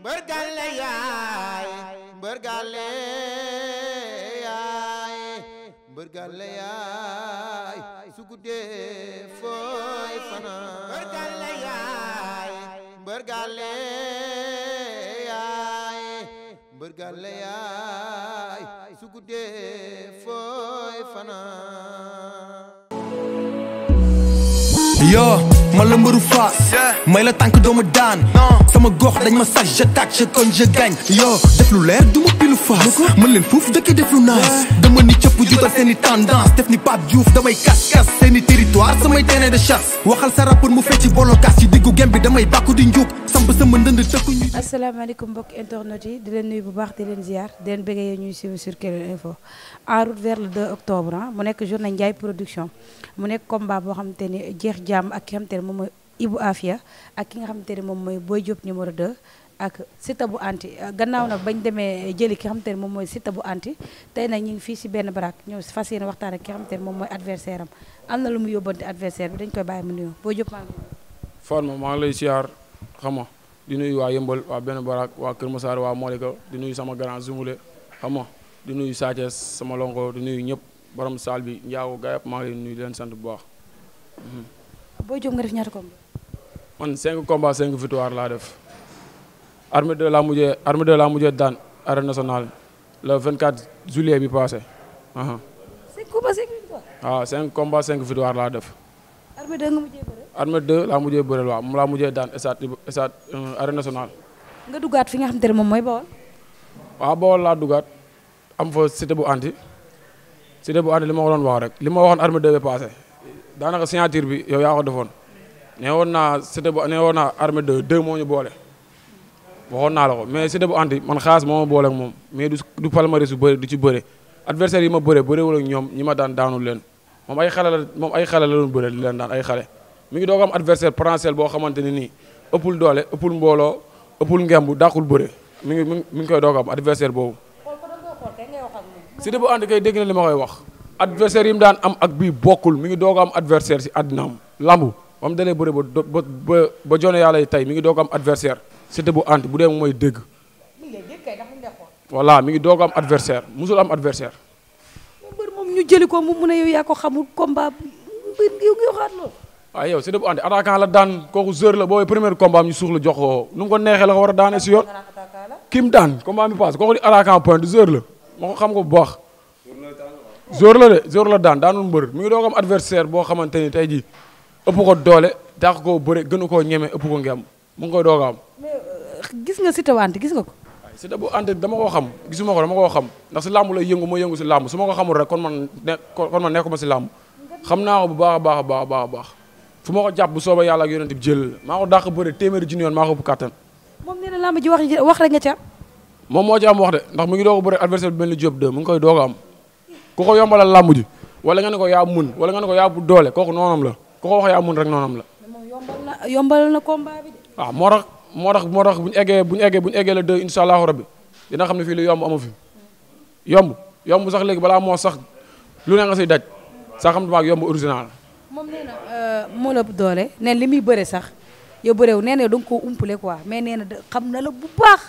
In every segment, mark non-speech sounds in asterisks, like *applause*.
mbërgale yaay mbërgale yaay mbërgale yaay su guddee fooy fanaan mbërgale yaay mbërgale yaay mbërgale yaay yo ma la mbëru faas may la tànk doomu daan sama gox dañ ma sax j'attaque je kon je yo def lu leer du ma pilu faas mën leen fuuf dëkk def lu naas dama ni cëpp juutal seeni tendance def ni Pape Diouf damay kas territoire samay terrain de chasse waxal sa rapport mu fecc bolokaas ci diggu gem bi damay bàkku di njuub samp sama ndënd tëkku ñu asalaamaaleykum mbokk internet yi di leen nuyu bu baax di leen ziar di leen bëggee ñuy suivre sur Kewel Info en route vers le 2 octobre ah, mu nekk na Ndiaye production mu nekk combat boo xam te ni jeex jàmm ak ki xam te ne moom mooy Ibou Afia ak ki nga xam te ne moom mooy Boy Diop numéro 2 ak Siteu bu anti gannaaw nag bañ demee jëli ki xam te ne moom mooy sita bu anti tey nag ñu ngi fii si benn baraak ñëw fas yéene waxtaan ak ki xam te ne moom mooy adversaire am na lu mu yóbbante adversaire bi dañ koy bàyyi mu nuyoo boo maa ngi Fatma maa ngi lay siyaar xam nga di nuyu waa Yëmbal waa benn baraak waa Kër Massar di nuyu sama grand Zoumoulé xam nga di nuyu Sathiès sama lonko di nuyu ñëpp borom saal bi njaago gaayab maa ngi leen nuyu leen sant bu baax. boo jóg nga def ñaata combat. man 5 combats 5 victoire laa def. armée de la mujjee armée de la mujjee daan arène nationale le 24 juillet bi passé. cinq combats cinq victoires. Ah, cinq combats laa def. armée laa mujjee bëreel waaw mu laa mujjee daan stade stade euh, arène nationale. nga dugaat fi nga xamante ne moom mooy Bawol. waaw Bawol laa dugaat am fa cité bu anti cité bu anti li ma ko doon wax rek li ma waxoon armée de bi passé daanaka signature bi yow yaa defoon nee woon naa cité bu nee woon naa armée de moo ñu boole. waxoon naa la ko mais Siteu bu anti man xaas moo a boole ak moom mais du du palmarès su bëri du ci bëre adversaire yi ma bëre bëréwul ñoom ñi ma daan daanu leen moom ay xale la moom ay xale la doon bëre leen daan ay xale mi ngi doog am adversaire potentiel boo xamante ne nii ëppul doole ëppul mbooloo ëppul ngemb dàqul bëre mi ngi mi ngi koy doog am adversaire boobu Siteu bu anti kay dégg na li ma koy wax adversaire yi mu daan am ak bii bokkul mi ngi doog am adversaire si àddinaam lambu ba mu dalee bëre ba ba ba jone yàlla yi tey mi ngi doog am adversaire Siteu bu ent bu dee mooy dëgg. voilà mi ngi doog am adversaire musul am adversaire. mbër moom ñu jëli ko mu mun a yow yaa ko xamul combat mbër ngi waxaat loolu. waaw yow Siteu bu anti attaquant la daan kooku zër la boo premier combat am ñu suux la jox ko nu ko neexee la ko war daane si yoon. kim daan combat mi paase kooku di attaquant point du zër la moo ko xam ko bu baax. zër la de zër la daan daanul mbër mi ngi doog am adversaire boo xamante ni tey jii ëpp ko doole dàq koo bëre gënu koo ñeme ëpp ko ngem mu ngi doog am. gis nga Siteu bu ànd gis nga ko. waaw Siteu bu ànd dama koo xam gisuma ko dama koo xam ndax si làmb lay yëngu ma yëngu si làmb su ma ko xamul rek kon a a a ma moo ci wax de ndax mu ngi a bëre adversaire a am ku ko yombalal làmb ji wala nga ne ko yaa mun nga ne ko yaa bu doole kooku noonam la ku ko wax yaa la. moom yombal na yombal na combat bi de. waaw ah, moo tax moo tax moo tax bu ñu eggee bu ñu eggee bu ñu eggee la deux incha allahu rabbi dina xam ne fii lu yomb amu yomb yomb sax léegi balaa moo sax lu ne nga say daj sax xam nga yomb original. moom nee na euh, moo la doole nee li muy bëre sax yow bërew nee na da nga koo umpale mais nee na xam na la bu baax.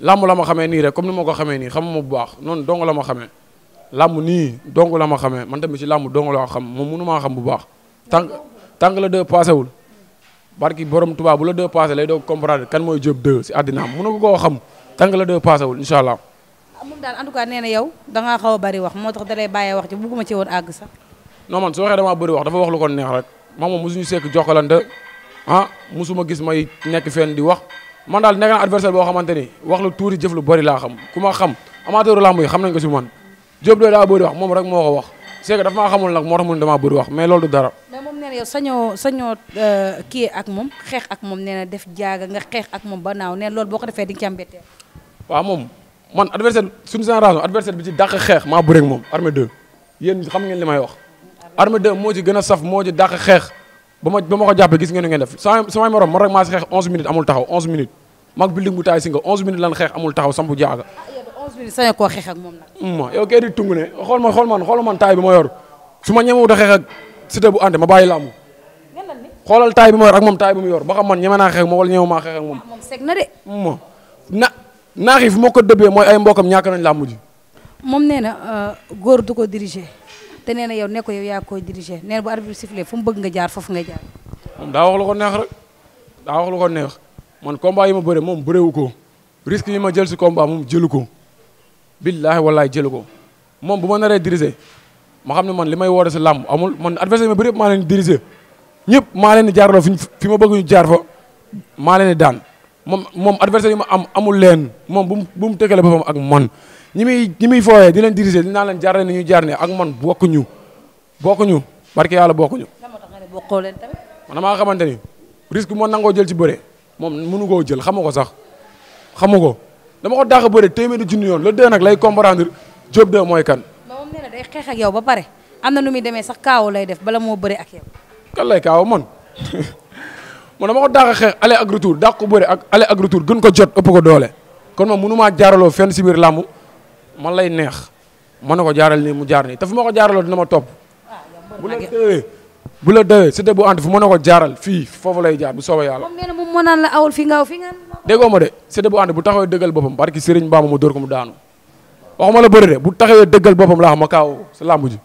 làmb la ma xamee nii rek comme ni moo ko xamee nii xam xamuma bu baax noonu dong la ma xamee làmb nii dong la ma xamee man tamit ci làmb dong la xam moom mënu maa xam bu baax tànk tànk la deux passé wul. barki borom Tuubaa bu la deux passé lay doog comprendre kan mooy Diop 2 si àddinaam mën na ko koo xam tànk la deux passé wul allah. Ah, moom daal en tout cas nee na yow da ngaa xaw wax moo tax da lay bàyyee wax ci bugguma ci woon àgg sax. non man su waxee damaa bëri wax dafa wax lu ko moom ah, di wax man daal nekk na adversaire boo xamante wax lu tuuti lu bëri laa xam ku xam amateur lamb yi xam nañ ko si man rek moo ko wax sekk dafa maa xamul nag moo tax mu ne damaa bëri wax mais loolu dara na yow sañoo euh, kii ak moom xeex ak moom nee na def jaaga nga xeex ak moom ba naaw nee loolu boo ko defee di nga ci am mbetteel. waaw moom man adversaire suñu génération adversaire bi ci dàq xeex maa bëreeg moom armée 2 yéen xam ngeen li may wax. moo ci gën a saf moo ci dàq xeex ba ma ba ma ko jàppee gis ngeen nu ngeen def samay samay morom man rek maa si xeex 11 minutes amul taxaw 11 minutes mag building bu taay si nga 11 minutes lan xeex amul taxaw sampu jaaga. Ah, sañ koo xeex tungu ne xool ma xool man ma Siteu bu ànd ma bàyyi làmb xoolal taay bi ma yor ak moom taay bi mu yor ba xam man ñeme naa xeex moom wala ñeme maa xeex moom. Ah, moom na de. ma na naax yi fu ma ko dëbbee mooy ay mbokam ñàkk nañ làmb ji. moom nee na euh, góor du ko diriger te nee na yow ne ko yow yaa koy diriger na bu arbitre sifflé fu mu bëgg nga jaar foofu nga jaar. moom daa wax lu ko neex rek daa wax lu yi ma moom bërewu ko risque yi ma jël si combat moom jël ko billaahi wallaahi jël ko moom bu ma ne diriger. ma xam ne man li may woote si làmb amul man adversaire ma bëri maa leen diriger ñëpp maa leen di jaarloo fi ma bëgg ñu jaar fa maa leen di daan moom moom adversaire yi ma am amul leen moom bu mu bu mu tëkkale boppam ak man ñi muy ñi muy fooyee di leen diriger di naa leen jaar ni ñuy jaar ne ak man bokkuñu bokkuñu barke yàlla bokkuñu. lan moo tax nga ne bokkoo leen tamit. man damaa xamante ni risque moo nangoo jël ci bëre moom mënu koo jël xamu ko sax xamu ko dama ko dàq bëre téeméeri junni yoon le deux nag lay comprendre job de mooy kan. day xeex ak yow ba pare am na nu muy demee sax kaaw lay def bala moo bëri ak yow. kan lay kaaw man *laughs* man dama ko daax a xeex aller ak retour daax ko bëri ak ale ak gën ko jot ëpp ko doole kon moom mënumaa jaaraloo fenn si biir làmb man lay neex mën na ko jaaral nii mu jaar nii te fu ma ko jaaraloo dina ma topp. Ah, bu la déwee bu la déwee c'était bu ànd fu mën na ko jaaral fii foofu lay jaar bu soobee yàlla. moom nee na la awul fi nga fi nga. déggoo ma de c'était bu ko mu daanu waxuma la bëri de bu taxawee dëggal boppam laa xam ma kaaw sa làmb ji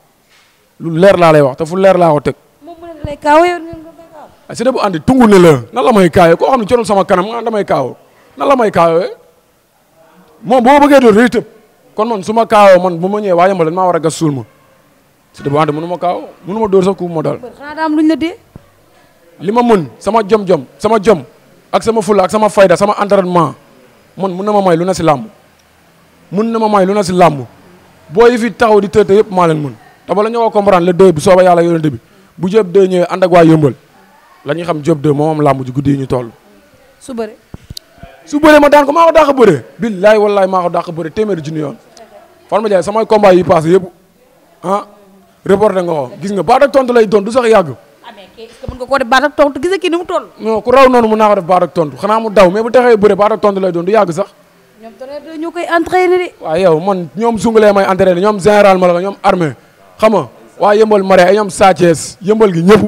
lu leer laa lay wax te fu leer laa ko teg. moom mu ne ah, bu andi tungu ne la la may kaawee koo xam ne conul sama kanam nga damay kaaw nan la eh? moom bu ma bëggee doon day tëb kon man su ma kaawoo man bu ma ñëwee waa Yambal dañ maa war a gas suul ma si de bu andi mënu ma kaaw mënu ma dóor sax ku ma dal. am luñ la dee. li ma mën sama jom-jom sama jom ak sama fula ak sama fayda sama entraînement man mën na ma may lu na si làmb mun na ma may lu na si làmb boo yi fi taxaw di tëdd yëpp maa mën te bala ñoo ko comprendre le deux bi sooba yàlla yonente bi bu Diop 2 ñëwee ànd ak waa yëmbal la ñuy xam Diop 2 moom am làmb ji guddi yi ñu toll. su bëre. su bëree ma daan ko maa ko dàq bëre. billaay wallaay maa ko dàq bëre téeméeri junni yoon. Fatma Diaye samay combat yi passé yëpp ah reporté nga ko gis nga baat ak tontu lay doon sax yàgg. ah mais kii ku raw noonu mun naa ko def xanaa mu daw mais bu lay doon du yàgg sax ñoom tonnerre ñu koy entraîné de. yow man ñoom sungulee may entraîné ñoom général Malika ñoom armée xam nga waa yëmbal mare ay ñoom Sa Thiès yëmbal gi ñëpp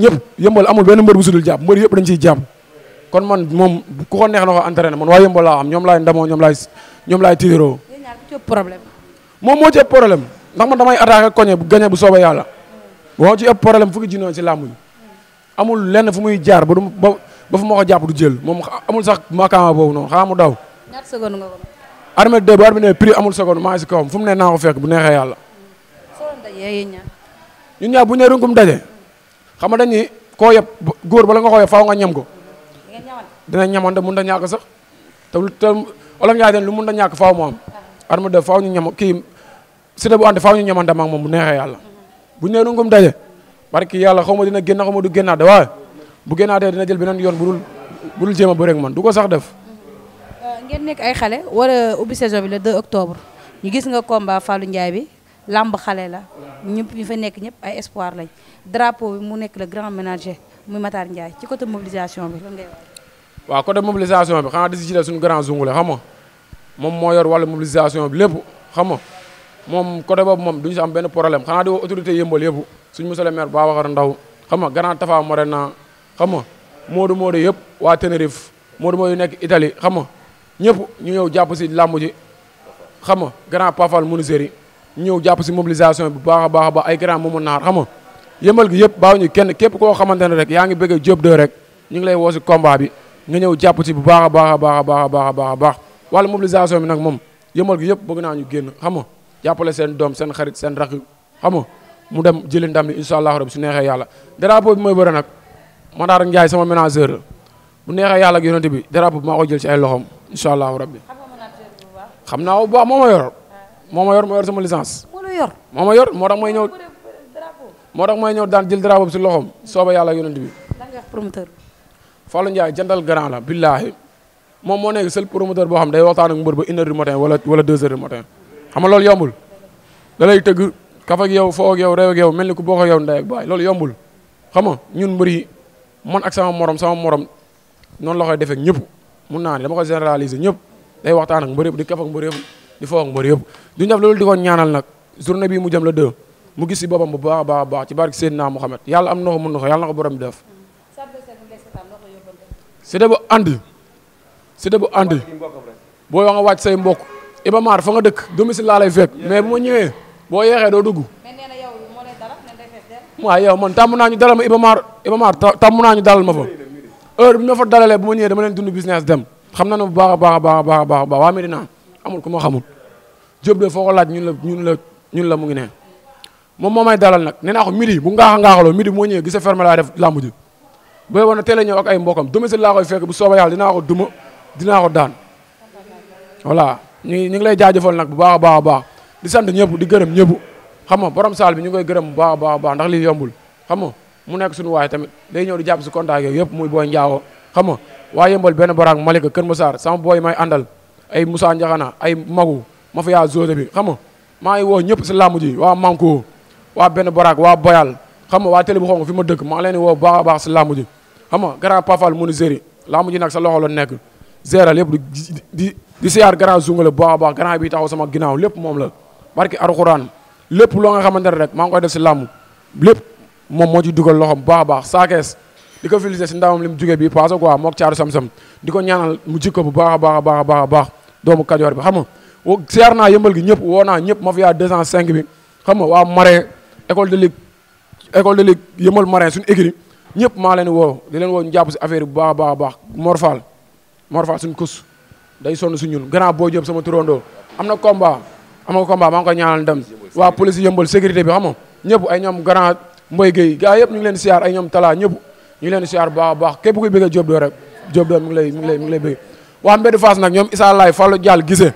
ñëpp yëmbal amul benn mbër bu sudul jàpp mbër yëpp dañ ciy jàpp kon man moom ku ko neex na ko entraîné man waa yëmbal laa am ñoom laay ndamoo ñoom laay ñoom laay tiitaroo moom moo ci ëpp problème ndax man damay attaqué koñe bu gañe bu soobee yàlla boo ci ëpp problème fukki jinoo ci làmb amul lenn fu muy jaar ba du ba fu ma ko jàpp du jël moom amul sax makaama boobu noonu xaa mu ñaata seconde nga ko may. armée de bu armée ne prix amul seconde maa ngi kawam fu mu ne naa ko fekk bu neexee yàlla. soo doon ñun ñaar bu ñu nee daje. xam nga dañ ko koo yeb góor bala nga koo yeb nga ñam ko. dina ñamante mun a ñàkk sax te lu te olof lu mun a ñàkk faaw mu am. Ah. armée de faaw ñu ñam kii Siteu bu ànd faaw ñu ñamante ma ak moom bu neexee yàlla. Mm-hmm. bu ñu nee rëngum daje. parce que yàlla xaw ma dina génn xaw ma du génnaat waaye bu génnaatee dina jël beneen yoon bu dul bu dul jéem a man du ko sax def ngeen nekk ay xale war a ubbi saison bi le de octobre ñu gis nga combat Fallou Ndiaye bi làmb xale la ñëpp ñu fa nekk ñëpp ay espoir lañ drapeau bi mu nekk le grand ménager muy Matar Ndiaye ci côté mobilisation bi lan ngay waaw côté mobilisation bi xanaa di si ci suñu grand zungule xam nga moom moo yor wàllu mobilisation bi lépp xam nga moom côté boobu moom du si am benn problème xanaa di woo autorité yëmbal yëpp suñu monsieur le maire Babacar Ndaw xam nga grand Tafa Morena xam nga Modou Modou yëpp waa Tenerife Modou Modou yu nekk xam ñëpp ñu ñëw jàpp si làmb ji xam nga grand pafal menuisier yi ñu ñëw jàpp si mobilisation bi baax a baax baax ay grand moomu naar xam nga yëmbal gi yëpp baaw ñu kenn képp koo xamante ne rek yaa ngi bëgg Diop 2 rek ñu ngi lay woo si combat bi nga ñëw jàpp si bu baax a baax a baax a baax baax baax wala mobilisation bi nag moom yëmbal gi yëpp bëgg naa ñu génn xam jàppale seen doom seen xarit seen rakk xam mu dem jëli ndam bi incha allahu rabi su neexee yàlla drapeau bi mooy bëre nag Madaar Ndiaye sama ménageur bu neexee yàlla ak yonente bi drapeau bi maa jël ci ay loxoom incha allahu rabbi xam naa bu baax moo ma yor moo ma yor ma yor sama licence. moo yor moo ma yor moo tax mooy ñëw. moo tax may ñëw daan jël drapeau bi si loxoom sooba yàlla yonent bi. lan nga wax promoteur bi. grand la billaahi moom moo nekk seul promoteur boo xam day waxtaan ak mbër ba une heure du matin wala wala deux heures du matin xam nga loolu yombul. dalay lay tëgg kaf ak yow foo ak yow réew ak mel ni ku bokk ak yow ndey ak baay loolu yombul xam nga ñun mbër yi man ak sama morom sama morom noonu la koy ñëpp. mun naa ne dama ko généraliser ñëpp day waxtaan ak mbër yëpp di kaf ak mbër yëpp di foo ak loolu di ko ñaanal nag journée bii mu jëm la deux mu gis si boppam bu baax a baax ci baax ci naa Seydina Mouhamed yàlla am na ko mun na ko yàlla na ko borom bi def si da bu ànd si da bu ànd boo yoo nga say mbokk Iba Mar fa nga dëkk domicile laa lay fekk bu ma ñëwee boo yeexee doo dugg waaw yow man tàmm naa ñu dalal ma Iba Mar Iba Mar tàmm naa ñu dalal ma fa heure bi ma fa dalalee bu ma ñëwee dama leen dund business dem xam na ne bu baax a baax a baax a baax a baax waa Medina amul ku ma xamul Diop de foo ko laaj ñun la ñun la ñun la mu ngi ne moom moom may dalal nag nee naa ko midi bu ngaax a ngaaxaloo midi bu ma ñëwee gis a fermé laa def làmb ji booy wane teel a ñëw ak ay mbokam domicile laa koy fekk bu soobee yàlla dinaa ko duma dinaa ko daan voilà ñu ñu ngi lay jaajëfal nag bu baax a baax baax di sant ñëpp di gërëm ñëpp xam nga borom saal bi ñu koy gërëm bu baax a a baax ndax lii yombul xam mu nekk suñu waaye tamit day ñëw di jàpp si contact yooyu yëpp muy booy njaawo xam nga waa yëmbal benn baraak Malika Kër Massar sama booy may àndal ay musa Ndiakhana ay magu ma fa yaa zone bi xam nga maa ngi woo ñëpp si làmb ji waa Manko waa benn baraak waa Boyal xam nga waa télé bu xonk fi ma dëkk maa leen di woo baax a baax si làmb ji xam nga grand pafal munu séri làmb nag sa loxo la nekk géral yëpp di di siyaar grand zungale baax a baax grand bi taxaw sama ginnaaw lépp moom la barki Alxuraan lépp loo nga xamante ne rek maa ngi koy def si làmb lépp moom moo ci dugal loxoom bu baax a baax saakees di ko féliciter si ndamam li mu jóge bi passé quoi mook caaru sam-sam di ko ñaanal mu jikko bu baax a baax a baax a baax a baax doomu kajoor bi xam nga seer naa yëmbal gi ñëpp woo naa ñëpp mafia 205 bi xam nga waa marin école de ligue école de ligue yëmbal marin suñu écrit ñëpp maa leen woo di leen woo ñu jàpp si affaire bu baax a baax a baax morfal morfal suñu kus day son su ñun grand boo jëm sama turandoo am na combat am na combat maa ngi koy ñaanal dem waa yëmbal sécurité bi xam nga ñëpp ay ñoom grand Mboy Gueye gaa yëpp ñu leen siyaar ay ñoom talaa ñëpp ñu leen siyaar bu baax a baax képp kuy bëgg Diop Dóor rek Diop Dóor mi ngi lay waa Mbedd Fass nag ñoom Issa Laye Fallou Diall gisee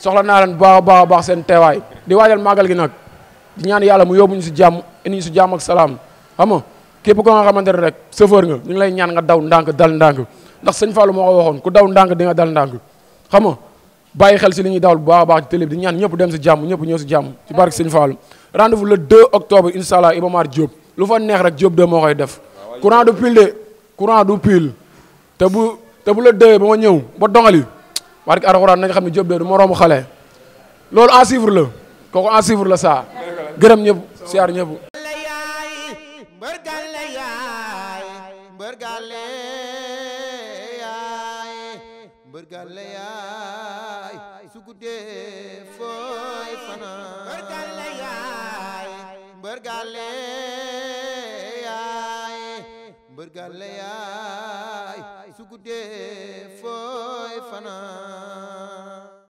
soxla naa leen bu baax a baax baax seen teewaay di waajal màggal gi nag di ñaan yàlla mu yóbbu ñu si jàmm indi ñu si jàmm ak salaam xam nga képp ko nga xamante ne rek chauffeur nga ñu ngi lay ñaan nga daw ndànk dal ndànk ndax sëñ Fallou moo ko waxoon ku daw ndànk di nga dal ndànk xam nga bàyyi xel si li ñuy dawal bu baax a baax di ñaan ñëpp dem si jàmm ñëpp ñëw si jàmm ci barke sëñ Fallou rendez-vous le 2 octobre incha allah Iba Mar Diop lu fa neex rek Diop de moo koy def courant du pile de courant du pile te bu la déwee ba ma ñëw ba dongali barki Alxuraan na nga xam ne Diop de du moromu xale loolu en suivre la kooku en suivre la saa gërëm ñëpp siyaar ñëpp mbërgale mbërgale yaay